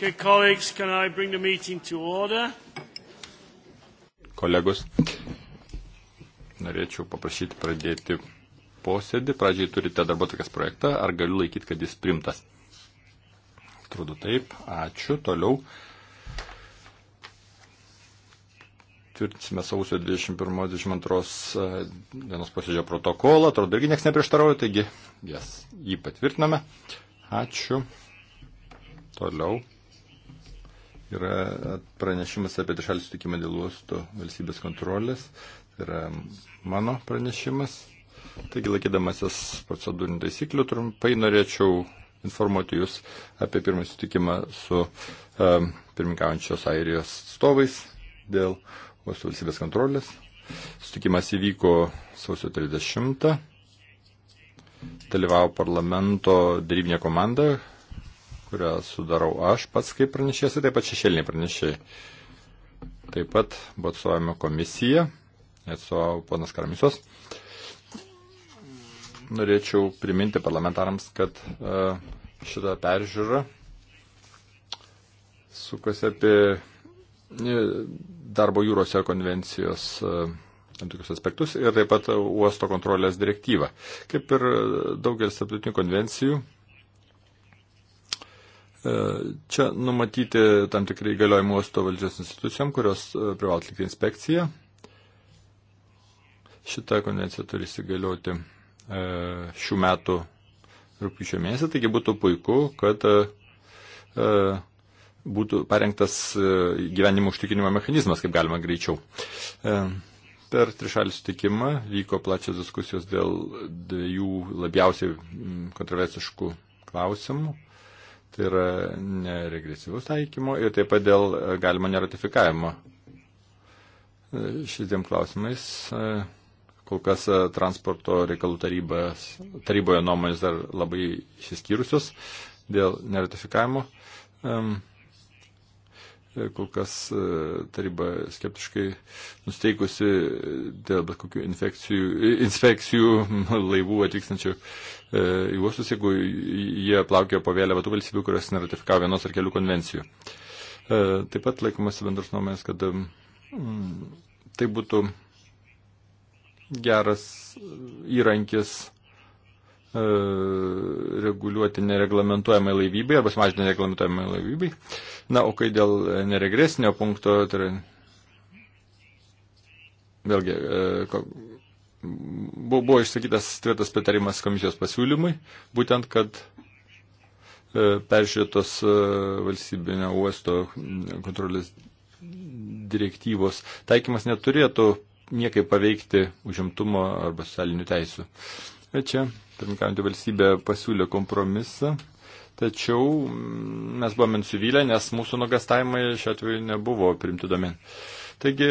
Okay, colleagues, can I bring the meeting to order? Kolegos, norėčiau paprašyti pradėti posėdį. Pradžiai turite darbo tokias projektą. Ar galiu laikyti, kad jis primtas? Atrodo taip. Ačiū. Toliau. Tvirtinsime sausio 21-22 e, dienos posėdžio protokolą. Atrodo, irgi niekas neprieštarauja, taigi jas yes, jį patvirtiname. Ačiū. Toliau yra pranešimas apie trišalį sutikimą dėl uosto valstybės kontrolės. Tai yra mano pranešimas. Taigi, laikydamasis procedūrinių taisyklių, trumpai norėčiau informuoti Jūs apie pirmąjį sutikimą su um, pirmininkaujančios Airijos atstovais dėl uosto valstybės kontrolės. Sutikimas įvyko sausio 30. Dalyvavo parlamento darybinė komanda, kurią sudarau aš pats kaip pranešėjas ir taip pat šešėliniai pranešėjai. Taip pat buvo atstovavimo komisija, atstovavo ponas Karamisos. Norėčiau priminti parlamentarams, kad e, šitą peržiūrą sukasi apie e, darbo jūrose konvencijos e, tam tikrus aspektus ir taip pat uosto kontrolės direktyvą. Kaip ir daugelis tarptautinių konvencijų, E, čia numatyti tam tikrai galiojimo uosto valdžios institucijom, kurios e, privalo atlikti inspekciją. Šita konvencija turi įsigalioti e, šių metų rūpiučio mėnesį, taigi būtų puiku, kad būtų parengtas gyvenimo užtikrinimo mechanizmas, kaip galima greičiau. Per trišalį sutikimą vyko plačios diskusijos dėl dviejų labiausiai kontroversiškų klausimų Tai yra neregresyvus taikymo ir taip pat dėl e, galimo neratifikavimo. E, Šitiem klausimais e, kol kas transporto reikalų tarybas, taryboje nuomonės dar labai išsiskyrusios dėl neratifikavimo. E, kol kas e, taryba skeptiškai nusteikusi dėl bet kokių inspekcijų laivų atvykstančių e, į uostus, jeigu jie plaukė po vėliavą tų valstybių, kurios neratifikavo vienos ar kelių konvencijų. Taip pat laikomasi bendros nuomonės, kad tai būtų geras įrankis E, reguliuoti nereglamentuojamai laivybai arba sumažinti nereglamentuojamai laivybai. Na, o kai dėl neregresinio punkto, tai yra vėlgi e, buvo išsakytas tvirtas pritarimas komisijos pasiūlymui, būtent, kad e, peržiūrėtos valstybinio uosto kontrolės direktyvos taikymas neturėtų niekai paveikti užimtumo arba socialinių teisų. Uh, Bet čia, pirmkantį valstybę pasiūlė kompromisą, tačiau mm, mes buvome nusivylę, nes mūsų nugastavimai šiuo atveju nebuvo primti domen. Taigi,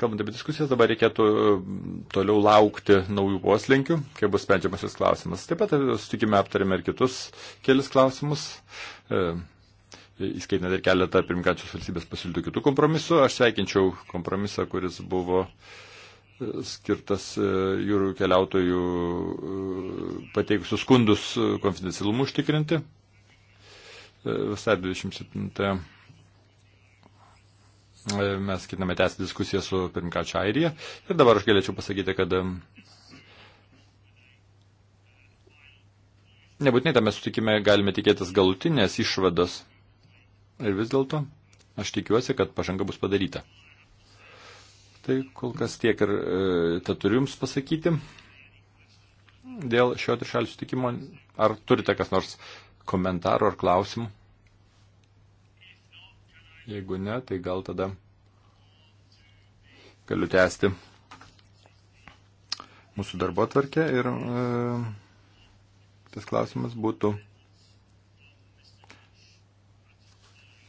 kalbant apie diskusijas, dabar reikėtų mm, toliau laukti naujų poslinkių, kai bus sprendžiamas šis klausimas. Taip pat e, sutikime aptarėme ir kitus kelis klausimus, e, įskaitant ir keletą pirmkačios valstybės pasiūlytų kitų kompromisų. Aš sveikinčiau kompromisą, kuris buvo e, skirtas e, jūrų keliautojų e, pateikusių skundus e, konfidencialumų užtikrinti. Vasar 27 mes ketiname tęsti diskusiją su pirmkačia Airija. Ir dabar aš galėčiau pasakyti, kad nebūtinai tame sutikime galime tikėtis galutinės išvados. Ir vis dėlto aš tikiuosi, kad pažanga bus padaryta. Tai kol kas tiek ir e, tą turiu Jums pasakyti. Dėl šio trišalių sutikimo, ar turite kas nors komentarų ar klausimų? Jeigu ne, tai gal tada galiu tęsti mūsų darbo atvarkę ir e, tas klausimas būtų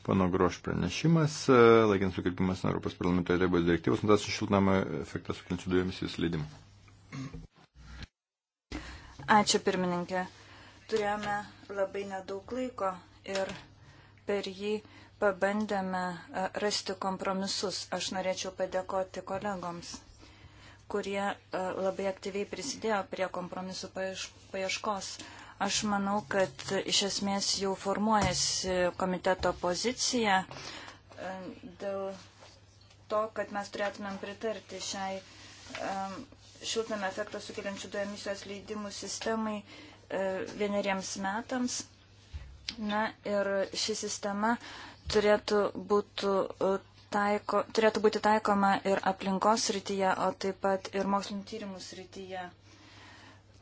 Pano Groš pranešimas, e, laikinas sukirpimas nuo Europos parlamento tarybos direktyvos, nutas šiltnamą efektą sukeliančių dujomis įsileidimą. Ačiū pirmininkė. Turėjome labai nedaug laiko ir per jį pabandėme e, rasti kompromisus. Aš norėčiau padėkoti kolegoms, kurie e, labai aktyviai prisidėjo prie kompromisų paieškos. Paiešk Aš manau, kad iš esmės jau formuojasi komiteto pozicija e, dėl to, kad mes turėtumėm pritarti šiai e, šiltnamio efektą sukeliančių dujų emisijos leidimų sistemai e, vieneriems metams. Na ir ši sistema turėtų būti, taiko, turėtų būti taikoma ir aplinkos rytyje, o taip pat ir mokslinio tyrimų rytyje.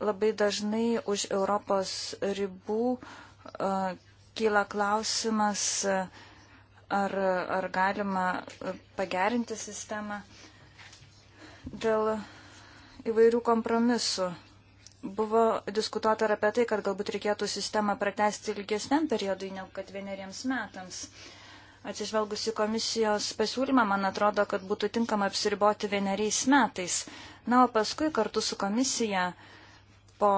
Labai dažnai už Europos ribų uh, kyla klausimas, ar, ar galima pagerinti sistemą dėl įvairių kompromisų. Buvo diskutuota ir apie tai, kad galbūt reikėtų sistemą pratesti ilgesniam periodui negu kad vieneriems metams. Atsižvelgus į komisijos pasiūlymą, man atrodo, kad būtų tinkama apsiriboti vieneriais metais. Na, o paskui kartu su komisija uh, po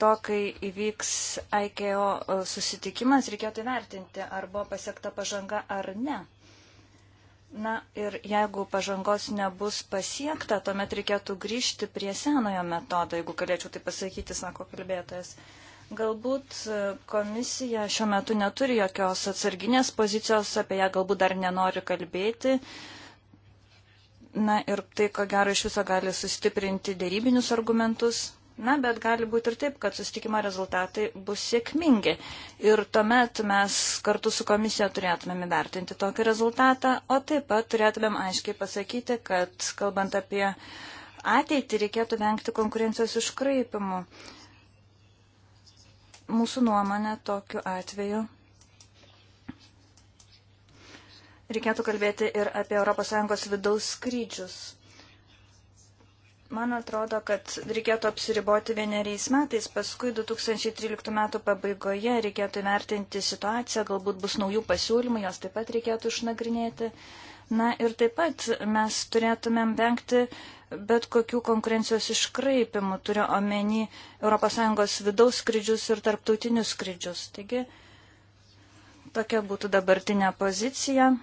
to, kai įvyks IKO e, susitikimas, reikėtų įvertinti, ar buvo pasiekta pažanga ar ne. Na ir jeigu pažangos nebus pasiekta, tuomet reikėtų grįžti prie senojo metodo, jeigu galėčiau tai pasakyti, sako kalbėtojas. Galbūt e, komisija šiuo metu neturi jokios atsarginės pozicijos, apie ją galbūt dar nenori kalbėti. Na ir tai, ko gero, iš viso gali sustiprinti dėrybinius argumentus. Na, bet gali būti ir taip, kad susitikimo rezultatai bus sėkmingi. Ir tuomet mes kartu su komisija turėtumėm įvertinti tokį rezultatą, o taip pat turėtumėm aiškiai pasakyti, kad kalbant apie ateitį, reikėtų vengti konkurencijos iškraipimų. Mūsų nuomonė tokiu atveju. Reikėtų kalbėti ir apie ES vidaus skrydžius. Man atrodo, kad reikėtų apsiriboti vieneriais metais, paskui 2013 metų pabaigoje reikėtų įvertinti situaciją, galbūt bus naujų pasiūlymų, jos taip pat reikėtų išnagrinėti. Na ir taip pat mes turėtumėm vengti bet kokių konkurencijos iškraipimų, turiu omeny ES vidaus skrydžius ir tarptautinius skrydžius. Taigi tokia būtų dabartinė pozicija.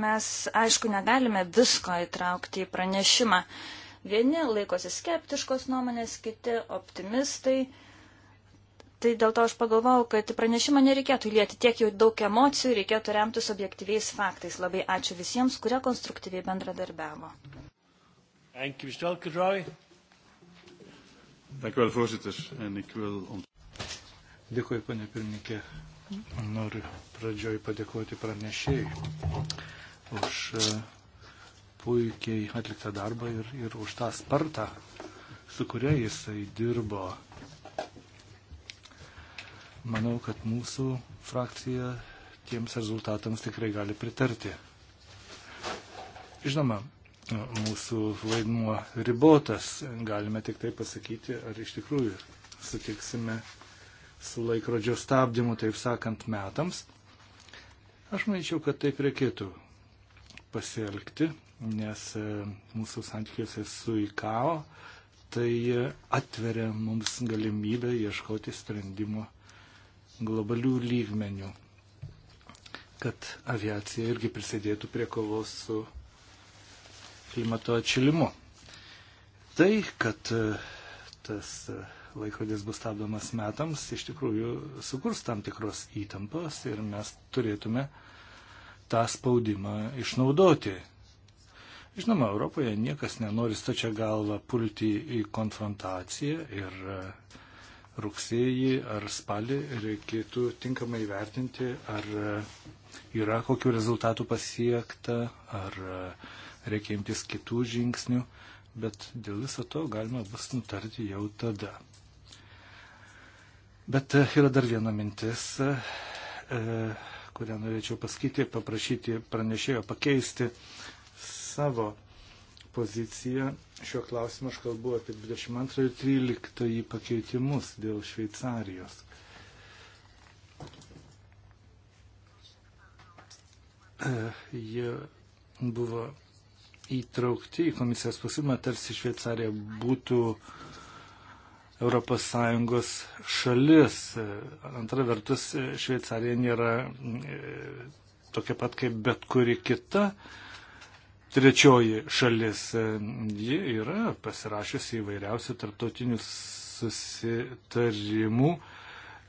Mes, aišku, negalime visko įtraukti į pranešimą. Vieni laikosi skeptiškos nuomonės, kiti optimistai. Tai dėl to aš pagalvojau, kad į pranešimą nereikėtų lieti tiek jau daug emocijų, reikėtų remtis objektyviais faktais. Labai ačiū visiems, kurie konstruktyviai bendradarbiavo. Dėkui, panė pirmininkė. Noriu pradžioj padėkoti pranešėjai už e, puikiai atliktą darbą ir, ir už tą spartą, su kuria jisai dirbo. Manau, kad mūsų frakcija tiems rezultatams tikrai gali pritarti. Žinoma, mūsų vaidmuo ribotas, galime tik tai pasakyti, ar iš tikrųjų sutiksime su laikrodžio stabdymu, taip sakant, metams. Aš manyčiau, kad taip reikėtų pasielgti, nes e, mūsų santykiuose su IKAO tai e, atveria mums galimybę ieškoti sprendimo globalių lygmenių, kad aviacija irgi prisidėtų prie kovos su klimato atšilimu. Tai, kad e, tas laikrodis bus stabdomas metams, iš tikrųjų sukurs tam tikros įtampos ir mes turėtume uh, tą spaudimą išnaudoti. Žinoma, Europoje niekas nenori stačia galva pulti į konfrontaciją ir e, rugsėjį ar spalį reikėtų tinkamai vertinti, ar e, yra kokių rezultatų pasiekta, ar e, reikia imtis kitų žingsnių, bet dėl viso to galima bus nutarti jau tada. Bet yra dar viena mintis. E, kurią norėčiau pasakyti, paprašyti pranešėjo pakeisti savo poziciją. Šiuo klausimu aš kalbu apie 22 ir 13 pakeitimus dėl Šveicarijos. E, jie buvo įtraukti į komisijos pasiūlymą, tarsi Šveicarija būtų uh, ES šalis. Antra vertus, Šveicarija nėra e, tokia pat kaip bet kuri kita trečioji šalis. Ji yra pasirašiusi įvairiausių tarptautinių susitarimų,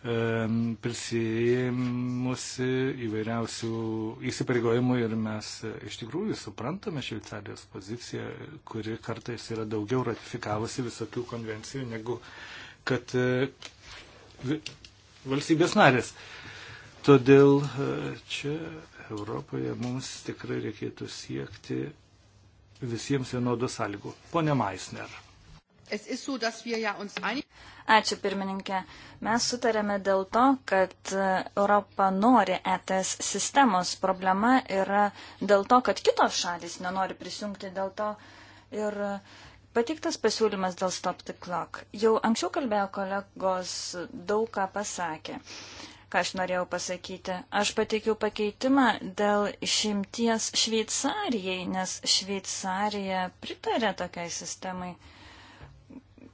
prisijėmusi įvairiausių įsipareigojimų ir mes e, iš tikrųjų suprantame Šveicarijos poziciją, kuri kartais yra daugiau ratifikavusi visokių konvencijų negu kad e, valstybės narės. Todėl e, čia Europoje mums tikrai reikėtų siekti visiems vienodos sąlygų. Pone Meisner. Es ist so, dass wir ja uns einig Ačiū pirmininkė. Mes sutarėme dėl to, kad Europa nori ETS sistemos. Problema yra dėl to, kad kitos šalis nenori prisijungti dėl to. Ir pateiktas pasiūlymas dėl Stop the Clock. Jau anksčiau kalbėjo kolegos daug ką pasakė. Ką aš norėjau pasakyti? Aš pateikiau pakeitimą dėl išimties Šveicarijai, nes Šveicarija pritarė tokiai sistemai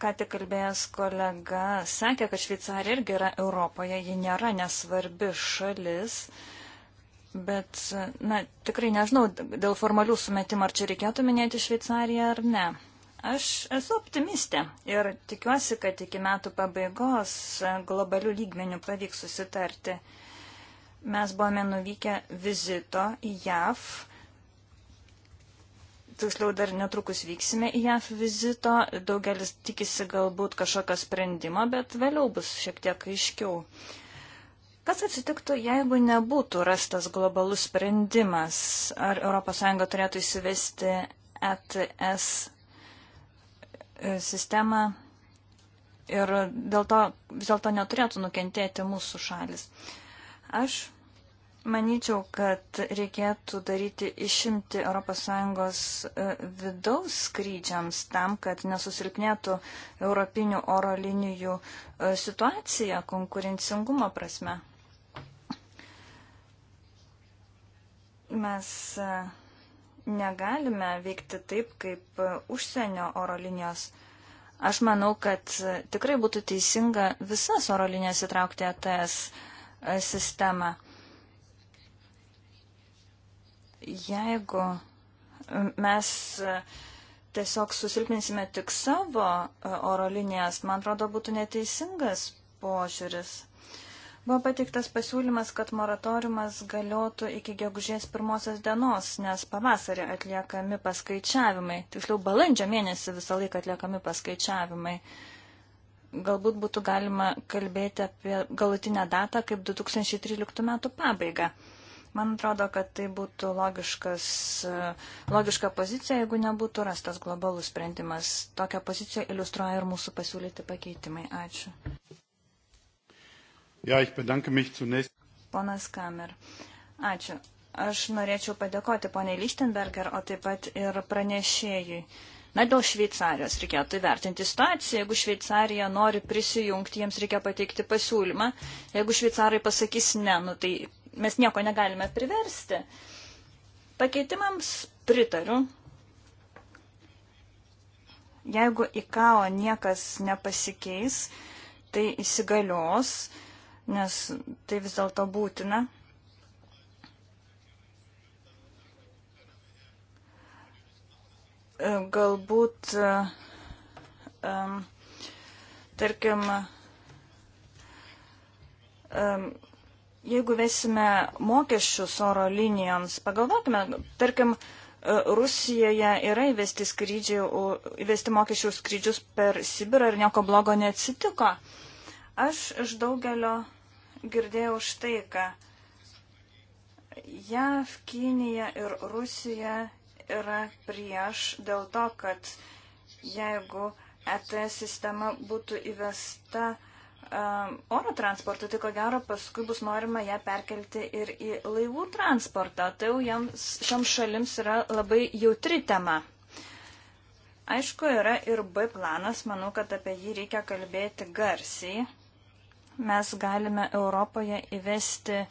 ką tik kalbėjęs kolega sakė, kad Šveicarija irgi yra Europoje, ji nėra nesvarbi šalis. Bet, na, tikrai nežinau dėl formalių sumetimų, ar čia reikėtų minėti Šveicariją ar ne. Aš esu optimistė ir tikiuosi, kad iki metų pabaigos globalių lygmenių pavyks susitarti. Mes buvome nuvykę vizito į JAV tiksliau dar netrukus vyksime į JAF vizito, daugelis tikisi galbūt kažkokio sprendimo, bet vėliau bus šiek tiek aiškiau. Kas atsitiktų, jeigu nebūtų rastas globalus sprendimas? Ar ES turėtų įsivesti ETS e, sistemą ir dėl to vis dėlto neturėtų nukentėti mūsų šalis? Aš Manyčiau, kad reikėtų daryti išimti ES e, vidaus skrydžiams tam, kad nesusilpnėtų europinių oro linijų e, situacija konkurencingumo prasme. Mes e, negalime veikti taip, kaip užsienio oro linijos. Aš manau, kad tikrai būtų teisinga visas oro linijas įtraukti ATS sistemą. Jeigu mes e, tiesiog susilpninsime tik savo e, oro linijas, man atrodo, būtų neteisingas požiūris. Buvo pateiktas pasiūlymas, kad moratoriumas galiotų iki gegužės pirmosios dienos, nes pavasarį atliekami paskaičiavimai, tiksliau balandžio mėnesį visą laiką atliekami paskaičiavimai. Galbūt būtų galima kalbėti apie galutinę datą kaip 2013 metų pabaigą. Man atrodo, kad tai būtų logiškas, logiška pozicija, jeigu nebūtų rastas globalus sprendimas. Tokią poziciją iliustruoja ir mūsų pasiūlyti pakeitimai. Ačiū. Ja, zunächst... Ponas Kamer. Ačiū. Aš norėčiau padėkoti poniai Lichtenberger, o taip pat ir pranešėjui. Na, dėl Šveicarijos reikėtų įvertinti situaciją. Jeigu Šveicarija nori prisijungti, jiems reikia pateikti pasiūlymą. Jeigu šveicarai pasakys ne, nu, tai mes nieko negalime priversti. Pakeitimams pritariu. Jeigu IKAO niekas nepasikeis, tai įsigalios, nes tai vis dėlto būtina. galbūt, um, tarkim, um, jeigu vesime mokesčius oro linijoms, pagalvokime, tarkim, e, Rusijoje yra įvesti, skrydžių, įvesti mokesčių skrydžius per Sibirą ir nieko blogo neatsitiko. Aš iš daugelio girdėjau štai, ką JAV, Kinija ir Rusija yra prieš dėl to, kad jeigu ETS sistema būtų įvesta oro transportą, tai ko gero paskui bus norima ją perkelti ir į laivų transportą. Tai jau jiems, šioms šalims yra labai jautri tema. Aišku, yra ir B planas, manau, kad apie jį reikia kalbėti garsiai. Mes galime Europoje įvesti e,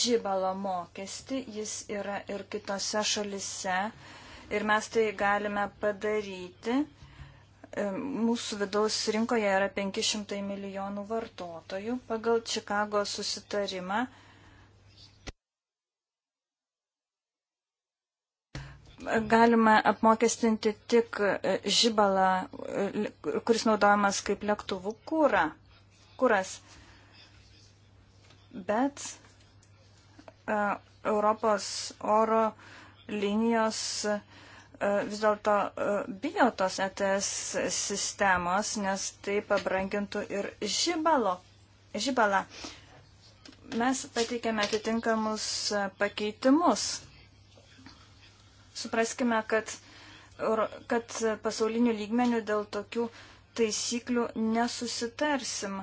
žybalo mokestį, jis yra ir kitose šalise ir mes tai galime padaryti E, mūsų vidaus rinkoje yra 500 milijonų vartotojų pagal Čikago susitarimą. Galima apmokestinti tik e, žibalą, e, kuris naudojamas kaip lėktuvų kūra, kūras. Bet Europos oro linijos uh, E, vis dėlto e, bijo tos ETS sistemos, nes tai pabrangintų ir žibalo, žibalą. Mes pateikėme atitinkamus e, pakeitimus. Supraskime, kad, kad pasaulinių lygmenių dėl tokių taisyklių nesusitarsim.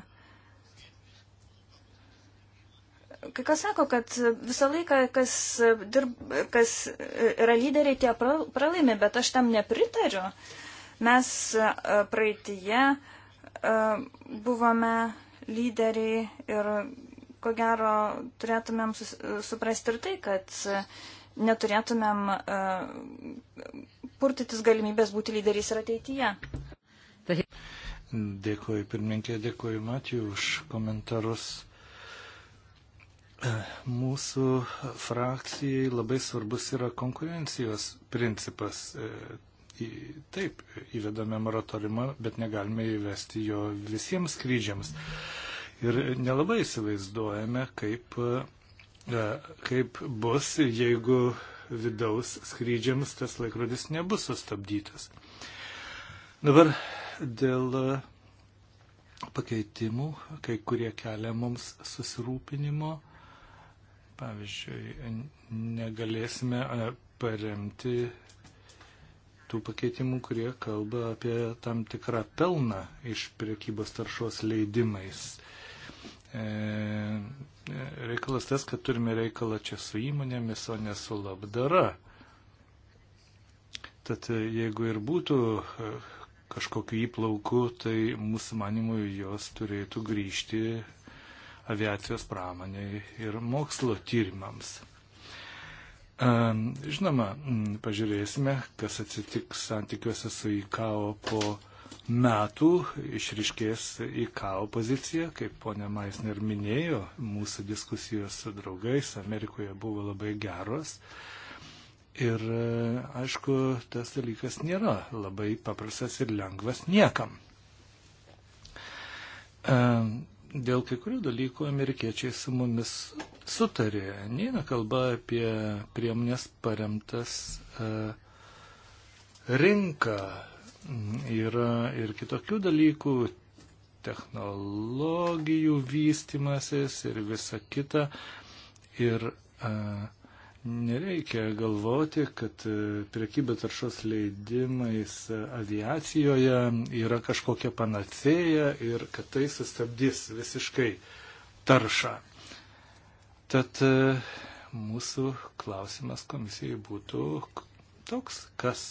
Kai kas sako, kad visą laiką, kas, dirb, kas yra lyderiai, tie pralaimi, bet aš tam nepritariu. Mes e, praeitie e, buvome lyderiai ir ko gero turėtumėm suprasti ir tai, kad neturėtumėm e, purtytis galimybės būti lyderiais ir ateityje. Dėkuoju pirmininkė, dėkuoju Matiju už komentarus. Mūsų frakcijai labai svarbus yra konkurencijos principas. E, taip, įvedame moratorimą, bet negalime įvesti jo visiems skrydžiams. Ir nelabai įsivaizduojame, kaip, e, kaip bus, jeigu vidaus skrydžiams tas laikrodis nebus sustabdytas. Dabar dėl e, pakeitimų, kai kurie kelia mums susirūpinimo. Pavyzdžiui, negalėsime paremti tų pakeitimų, kurie kalba apie tam tikrą pelną iš priekybos taršos leidimais. E, e reikalas tas, kad turime reikalą čia su įmonėmis, o ne su labdara. Tad e, jeigu ir būtų e, kažkokiu įplauku, tai mūsų manimui jos turėtų grįžti aviacijos pramoniai ir mokslo tyrimams. E, žinoma, pažiūrėsime, kas atsitiks santykiuose su IKAO po metų, išriškės IKAO pozicija, kaip ponia Maisner minėjo, mūsų diskusijos su draugais Amerikoje buvo labai geros. Ir e, aišku, tas dalykas nėra labai paprastas ir lengvas niekam. E, dėl kai kurių dalykų amerikiečiai su mumis sutarė. Neina kalba apie priemonės paremtas e, rinką. Yra ir kitokių dalykų, technologijų vystimasis ir visa kita. Ir uh, Nereikia galvoti, kad e, priekyba taršos leidimais e, aviacijoje yra kažkokia panacėja ir kad tai sustabdys visiškai taršą. Tad e, mūsų klausimas komisijai būtų toks, kas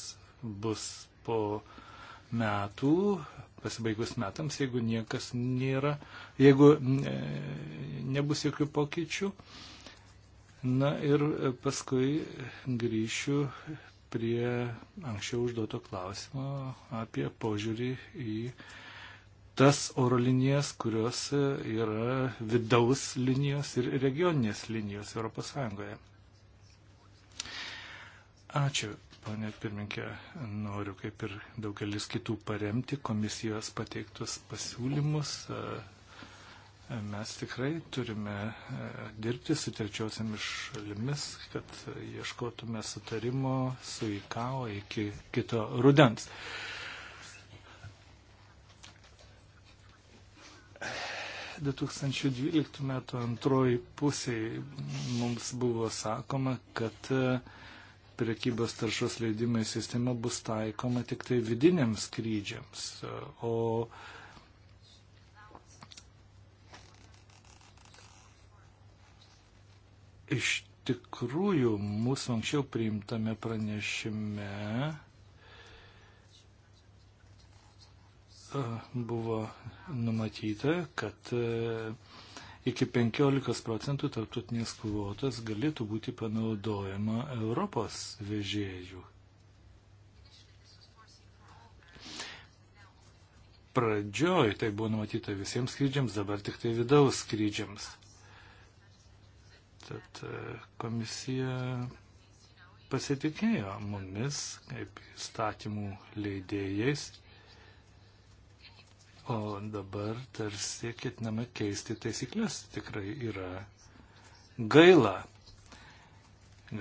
bus po metų, pasibaigus metams, jeigu niekas nėra, jeigu nebus jokių pokyčių. E, Na ir e, paskui grįšiu prie anksčiau užduoto klausimo apie požiūrį į tas oro linijas, kurios e, yra vidaus linijos ir regioninės linijos ES. Ačiū, ponė pirminkė. Noriu, kaip ir daugelis kitų, paremti komisijos pateiktus pasiūlymus. A, e, Mes tikrai turime e, dirbti su trečiosiamis šalimis, kad ieškotume sutarimo su IKAO iki kito rudens. De 2012 metų antroji pusė mums buvo sakoma, kad e, priekybos taršos leidimai sistema bus taikoma tik tai vidiniams skrydžiams, o Iš tikrųjų, mūsų anksčiau priimtame pranešime e, buvo numatyta, kad e, iki 15 procentų tarptautinės kvotas galėtų būti panaudojama Europos vežėjų. Pradžioj tai buvo numatyta visiems skrydžiams, dabar tik tai vidaus skrydžiams. Tad e, komisija pasitikėjo mumis kaip įstatymų leidėjais, o dabar tarsi ketiname keisti taisyklės. Tikrai yra gaila.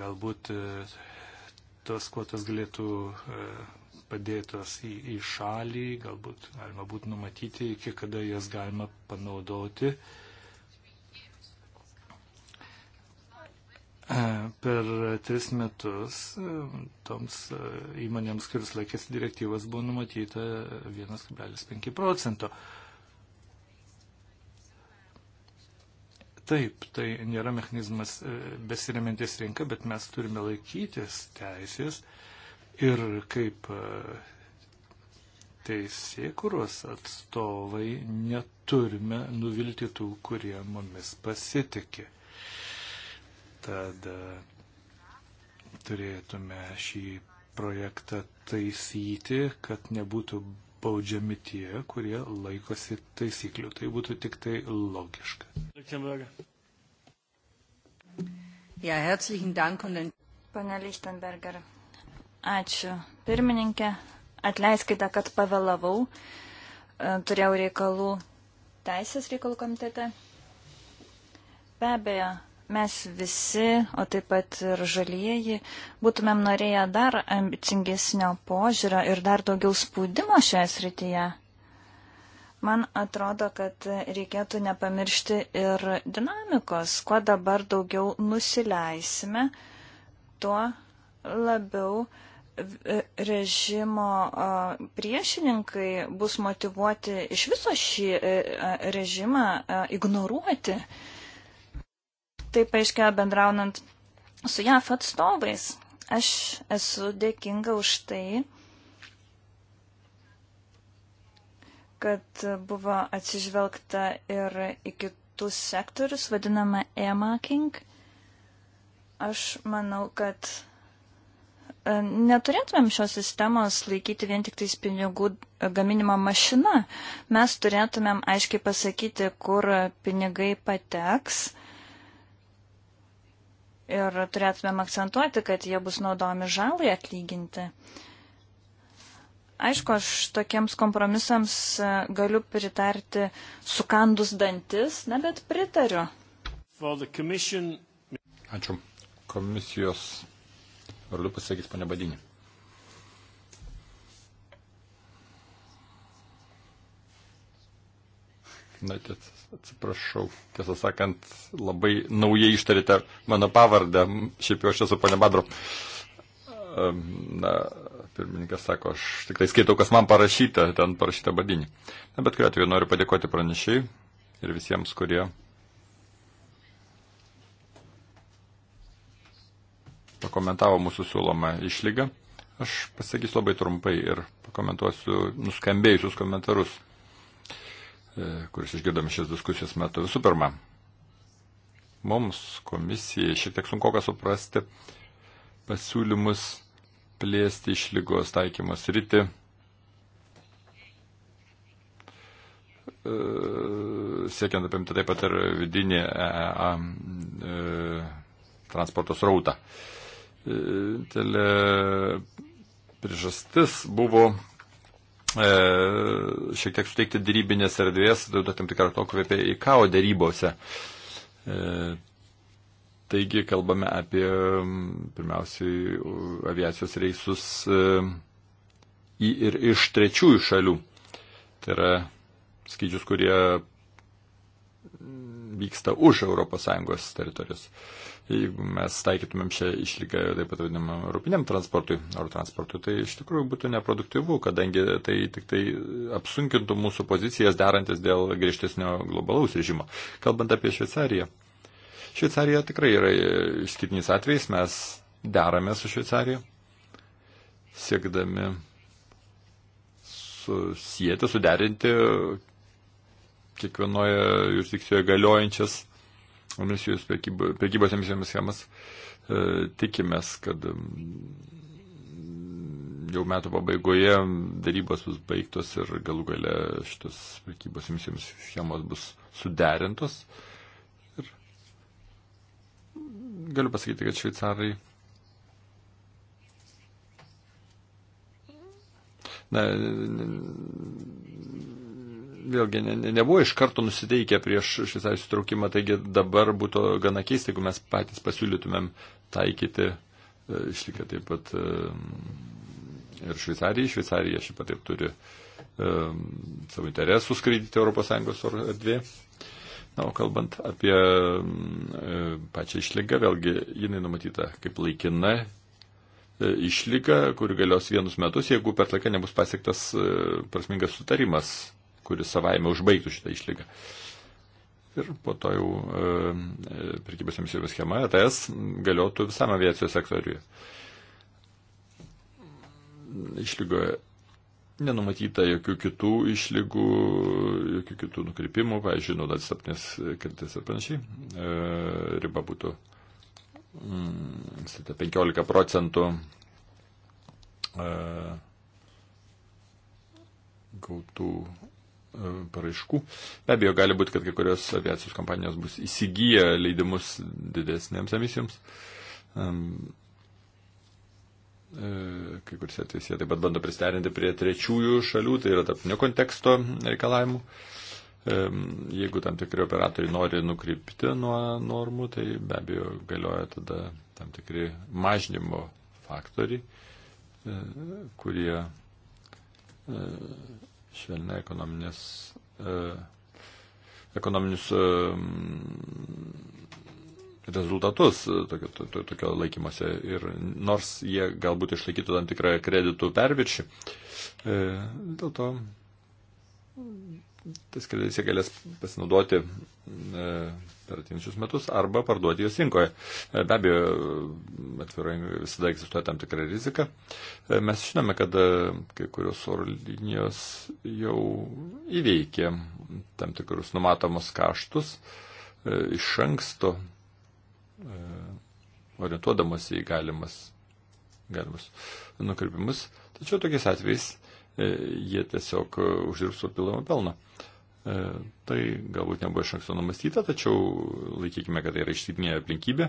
Galbūt e, tos kvotas galėtų e, padėtos į, į šalį, galbūt galima būtų numatyti, iki kada jas galima panaudoti. Uh, E, per tris metus e, toms e, įmonėms, kuris laikėsi direktyvas, buvo numatyta 1,5 procento. Taip, tai nėra mechanizmas besiremiantis rinka, bet mes turime laikytis teisės ir kaip teisėkuros atstovai neturime nuvilti tų, kurie mumis pasitikė. Tad e, turėtume šį projektą taisyti, kad nebūtų baudžiami tie, kurie laikosi taisyklių. Tai būtų tik tai logiška. Ja, herzlichen Dank und dann. Pane Lichtenberger, ačiū. Pirmininkė, atleiskite, kad pavėlavau. E, turėjau reikalų teisės reikalų komitete. Be abejo, mes visi, o taip pat ir žalieji, būtumėm norėję dar ambicingesnio požiūrio ir dar daugiau spaudimo šioje srityje. Man atrodo, kad reikėtų nepamiršti ir dinamikos. Kuo dabar daugiau nusileisime, tuo labiau režimo priešininkai bus motivuoti iš viso šį e, režimą ignoruoti tai paaiškėjo bendraunant su JAF atstovais. Aš esu dėkinga už tai, kad buvo atsižvelgta ir į kitus sektorius, vadinama e-marking. Aš manau, kad e, neturėtumėm šios sistemos laikyti vien tik tais pinigų gaminimo mašina. Mes turėtumėm aiškiai pasakyti, kur pinigai pateks ir turėtumėm akcentuoti, kad jie bus naudojami žalai atlyginti. Aišku, aš tokiems kompromisams e, galiu pritarti sukandus dantis, na bet pritariu. Commission... Ačiū. Komisijos vardu pasakys pane Badinį. Na, tiesa, atsiprašau. Tiesą sakant, labai naujai ištarėte mano pavardę. Šiaip jau aš esu ponė Badro. Na, pirmininkas sako, aš tikrai skaitau, kas man parašyta, ten parašyta badinį. Na, bet kuriuo atveju noriu padėkoti pranešiai ir visiems, kurie pakomentavo mūsų siūlomą išlygą. Aš pasakysiu labai trumpai ir pakomentuosiu nuskambėjusius komentarus. E, kuris išgirdome šias diskusijos metu. Visų pirma, mums komisijai šiek tiek sunku suprasti pasiūlymus plėsti išlygos taikymos rytį e, siekiant apimti taip pat ir vidinį e, e, transporto srautą. Tele e, priežastis buvo E, šiek tiek suteikti dėrybinės erdvės, tam tikrą atokvėpę į kao dėrybose. E, taigi kalbame apie pirmiausiai aviacijos reisus e, į ir iš trečiųjų šalių. Tai yra skaičius, kurie vyksta už ES teritorijos. Jeigu mes taikytumėm šią išlygą taip pat vadinamam europiniam transportui, oro transportui, tai iš tikrųjų būtų neproduktyvu, kadangi tai tik tai apsunkintų mūsų pozicijas derantis dėl griežtesnio globalaus režimo. Kalbant apie Šveicariją. Šveicarija tikrai yra išskirtinis atvejis, mes derame su Šveicarija, siekdami susijęti, suderinti kiekvienoje jurisdikcijoje galiojančias emisijos prekybos emisijomis schemas. E, tikimės, kad mm, jau metų pabaigoje darybos bus baigtos ir galų gale šitos prekybos emisijomis schemos bus suderintos. Ir galiu pasakyti, kad šveicarai. Na, vėlgi ne, ne, nebuvo iš karto nusiteikę prieš šitą įsitraukimą, taigi dabar būtų gana keista, jeigu mes patys pasiūlytumėm taikyti e, išlikę taip pat e, ir Šveicarijai. Šveicarija šiaip pat ir turi um, savo interesų skraidyti ES erdvė. Na, o kalbant apie um, pačią išlygą, vėlgi jinai numatyta kaip laikina išlyga, kuri galios vienus metus, jeigu per laiką nebus pasiektas prasmingas sutarimas kuris savaime užbaigtų šitą išlygą. Ir po to jau e, e prekybos emisijų schema ETS galiotų visam aviacijos sektoriui. Išlygoje nenumatyta jokių kitų išlygų, jokių kitų nukrypimų, pavyzdžiui, naudoti sapnės kritės ir panašiai. E, riba būtų mm, 15 procentų e, gautų paraiškų. Be abejo, gali būti, kad kai kurios aviacijos kompanijos bus įsigiję leidimus didesnėms emisijoms. E, kai kuris atvejs jie taip pat bando pristerinti prie trečiųjų šalių, tai yra tarpinio konteksto reikalavimų jeigu tam tikri operatoriai nori nukrypti nuo normų, tai be abejo galioja tada tam tikri mažinimo faktoriai, e, kurie e, švelnina ekonominės, e, ekonominius e, mm, rezultatus e, tokio, to, tokio laikymuose. Ir nors jie galbūt išlaikytų tam tikrą kreditų perviršį, e, dėl to tas kelias jie galės pasinaudoti e, per atinčius metus arba parduoti juos rinkoje. E, be abejo, atvirai visada egzistuoja tam tikra rizika. E, mes žinome, kad kai kurios oro linijos jau įveikė tam tikrus numatomus kaštus iš anksto, orientuodamas į galimas, galimus nukrypimus. Tačiau tokiais atvejais E, jie tiesiog e, uždirbs papildomą pelną. E, tai galbūt nebuvo iš anksto numastyta, tačiau laikykime, kad tai yra išsitinė aplinkybė.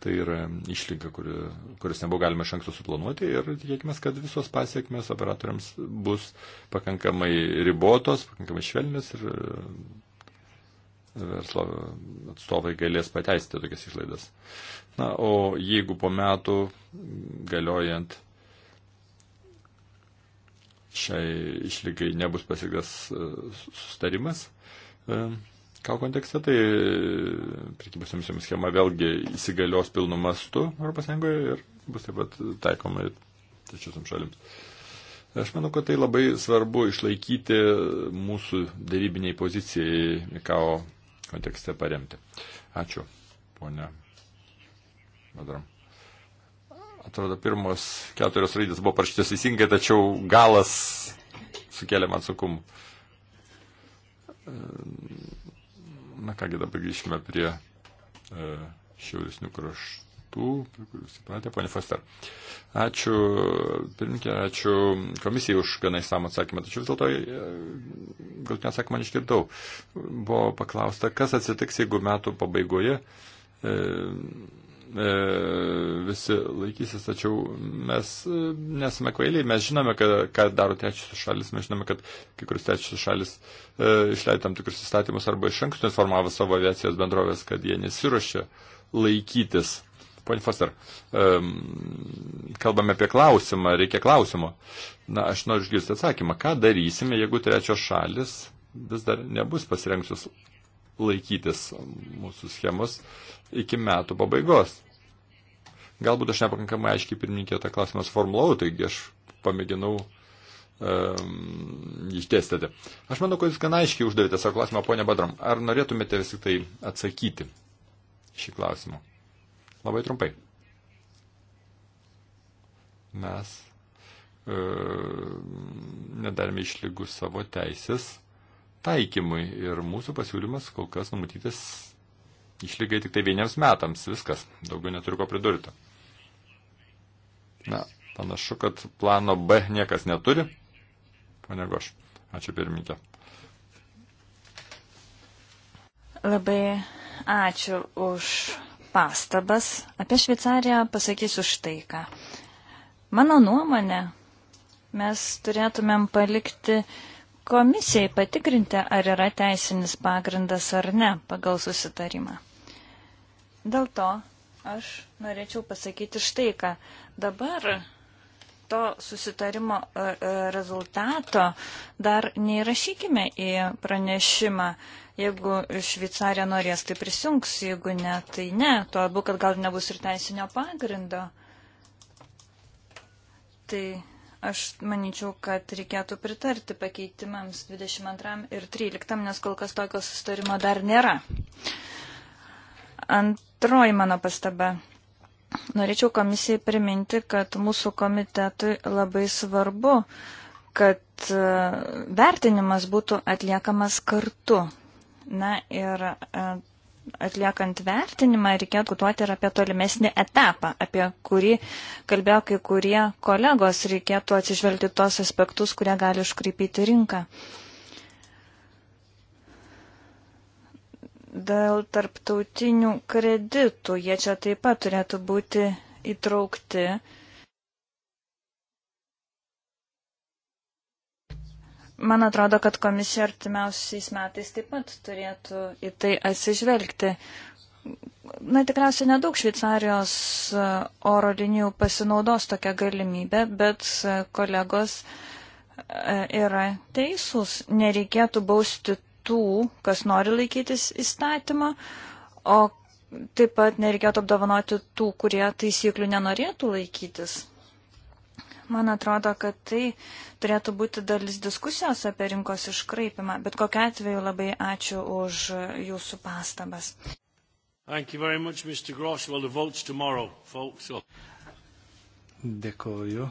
Tai yra išlyga, kuri, kuris nebuvo galima iš anksto suplanuoti ir tikėkime, kad visos pasiekmes operatoriams bus pakankamai ribotos, pakankamai švelnės ir verslo atstovai galės pateisti tokias išlaidas. Na, o jeigu po metų galiojant šiai išlygai nebus pasiektas e, sustarimas e, Kau kontekste, tai prekybos emisijų schema vėlgi įsigalios pilnu mastu ES ir bus taip pat taikoma ir trečiosiam šalims. Aš manau, kad tai labai svarbu išlaikyti mūsų darybiniai pozicijai Mikao kontekste paremti. Ačiū, ponia Madram atrodo, pirmos keturios raidės buvo parašytos teisingai, tačiau galas sukėlė man sunkumų. Ehm, na kągi, dabar grįžkime prie e, šiauresnių kraštų, prie kurių supratė, ponė Foster. Ačiū, pirminkė, ačiū komisijai už gana įsamą atsakymą, tačiau vis dėlto e, galtinę atsakymą išgirdau. Buvo paklausta, kas atsitiks, jeigu metų pabaigoje e, E, visi laikysis, tačiau mes e, nesame kvailiai, mes žinome, ką, ką daro trečiosios šalis, mes žinome, kad kai kurios trečiosios šalis e, išleido tam tikrus įstatymus arba iš anksto informavo savo aviacijos bendrovės, kad jie nesiuošia laikytis. Pone Foster, e, kalbame apie klausimą, reikia klausimo. Na, aš noriu išgirsti atsakymą, ką darysime, jeigu trečios šalis vis dar nebus pasirengusios laikytis mūsų schemos iki metų pabaigos. Galbūt aš nepakankamai aiškiai pirmininkė tą klausimą suformulau, taigi aš pamėginau um, išdėstyti. Aš manau, kad jūs gana aiškiai uždavėte savo klausimą, ponia Badrom. Ar norėtumėte vis tik tai atsakyti šį klausimą? Labai trumpai. Mes e, nedarėme išlygų savo teisės taikymui. Ir mūsų pasiūlymas kol kas numatytas išlygai tik tai vieniems metams. Viskas. Daugiau neturiu ko pridurti. Na, panašu, kad plano B niekas neturi. Pane Goš, ačiū pirmininkė. Labai ačiū už pastabas. Apie Šveicariją pasakysiu štai ką. Mano nuomonė, mes turėtumėm palikti uh, komisijai patikrinti, ar yra teisinis pagrindas ar ne pagal susitarimą. Dėl to aš norėčiau pasakyti štai ką. Dabar to susitarimo e, e, rezultato dar neįrašykime į pranešimą. Jeigu Šveicarija norės, tai prisijungs, jeigu ne, tai ne. Tuo labiau, kad gal nebus ir teisinio pagrindo. Tai Aš manyčiau, kad reikėtų pritarti pakeitimams 22 ir 13, nes kol kas tokio sustarimo dar nėra. Antroji mano pastaba. Norėčiau komisijai priminti, kad mūsų komitetui labai svarbu, kad e, vertinimas būtų atliekamas kartu. Na ir e, atliekant vertinimą reikėtų duoti ir apie tolimesnį etapą, apie kurį kalbėjo kai kurie kolegos, reikėtų atsižvelgti tos aspektus, kurie gali iškreipyti rinką. Dėl tarptautinių kreditų jie čia taip pat turėtų būti įtraukti Man atrodo, kad komisija artimiausiais metais taip pat turėtų į tai atsižvelgti. Na, tikriausiai nedaug Šveicarijos e, oro linijų pasinaudos tokią galimybę, bet e, kolegos e, yra teisūs. Nereikėtų bausti tų, kas nori laikytis įstatymą, o taip pat nereikėtų apdovanoti tų, kurie taisyklių nenorėtų laikytis. Man atrodo, kad tai turėtų būti dalis diskusijos apie rinkos iškraipimą, bet kokiu atveju labai ačiū už jūsų pastabas. Thank you very much, Mr. Grosh. Well, the vote's tomorrow, folks. So. Dėkoju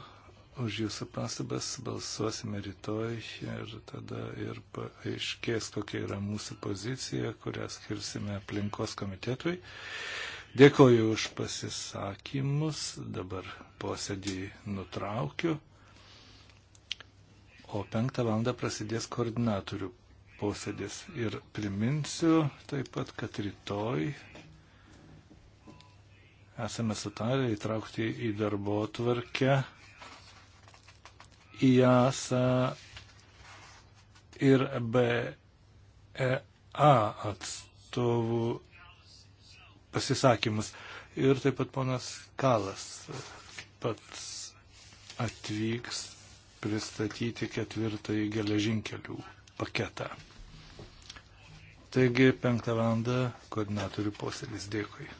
už jūsų pastabas, balsuosime rytoj ir tada ir paaiškės, kokia yra mūsų pozicija, kurią skirsime aplinkos komitetui. Dėkoju už pasisakymus. Dabar posėdį nutraukiu. O penktą valandą prasidės koordinatorių posėdis. Ir priminsiu taip pat, kad rytoj esame sutarę įtraukti į darbo tvarkę IASA ir BEA atstovų pasisakymus. Ir taip pat ponas Kalas pats atvyks pristatyti ketvirtąjį geležinkelių paketą. Taigi penktą valandą koordinatorių posėdis. Dėkui.